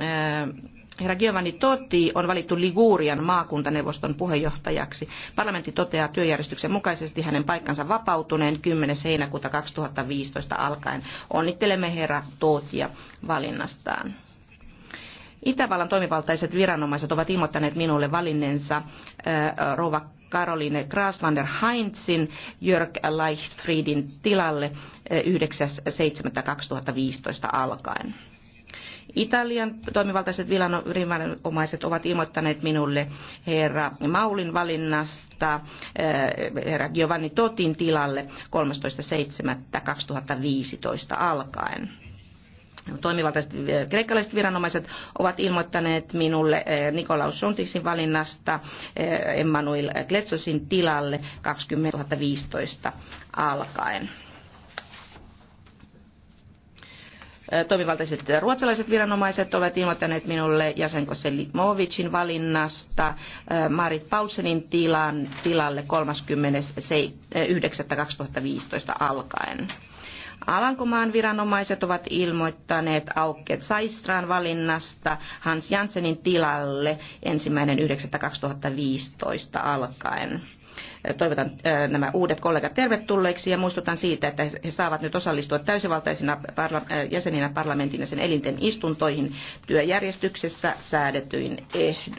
Äh, herra Giovanni Totti on valittu Ligurian maakuntaneuvoston puheenjohtajaksi. Parlamentti toteaa työjärjestyksen mukaisesti hänen paikkansa vapautuneen 10. heinäkuuta 2015 alkaen. Onnittelemme herra Tottia valinnastaan. Itävallan toimivaltaiset viranomaiset ovat ilmoittaneet minulle valinneensa äh, rouva Caroline Graslander Heinzin Jörg Leichtfriedin tilalle äh, 9.7.2015 alkaen. Italian toimivaltaiset viranomaiset ovat ilmoittaneet minulle herra Maulin valinnasta eh, herra Giovanni Totin tilalle 13.7.2015 alkaen toimivaltaiset eh, kreikkalaiset viranomaiset ovat ilmoittaneet minulle eh, Nikolaus Sontiksin valinnasta Emmanuel Kletsosin tilalle 2015 alkaen. toimivaltaiset ruotsalaiset viranomaiset ovat ilmoittaneet minulle jäsenko Selimovicin valinnasta äh, Marit Paulsenin tilan, tilalle 30.9.2015 alkaen. Alankomaan viranomaiset ovat ilmoittaneet Aukke Saistran valinnasta Hans Janssenin tilalle 1.9.2015 alkaen. Toivotan äh, nämä uudet kollegat tervetulleiksi ja muistutan siitä, että he saavat nyt osallistua täysivaltaisina äh, jäseninä parlamentin ja sen elinten istuntoihin työjärjestyksessä säädetyin ehdoin.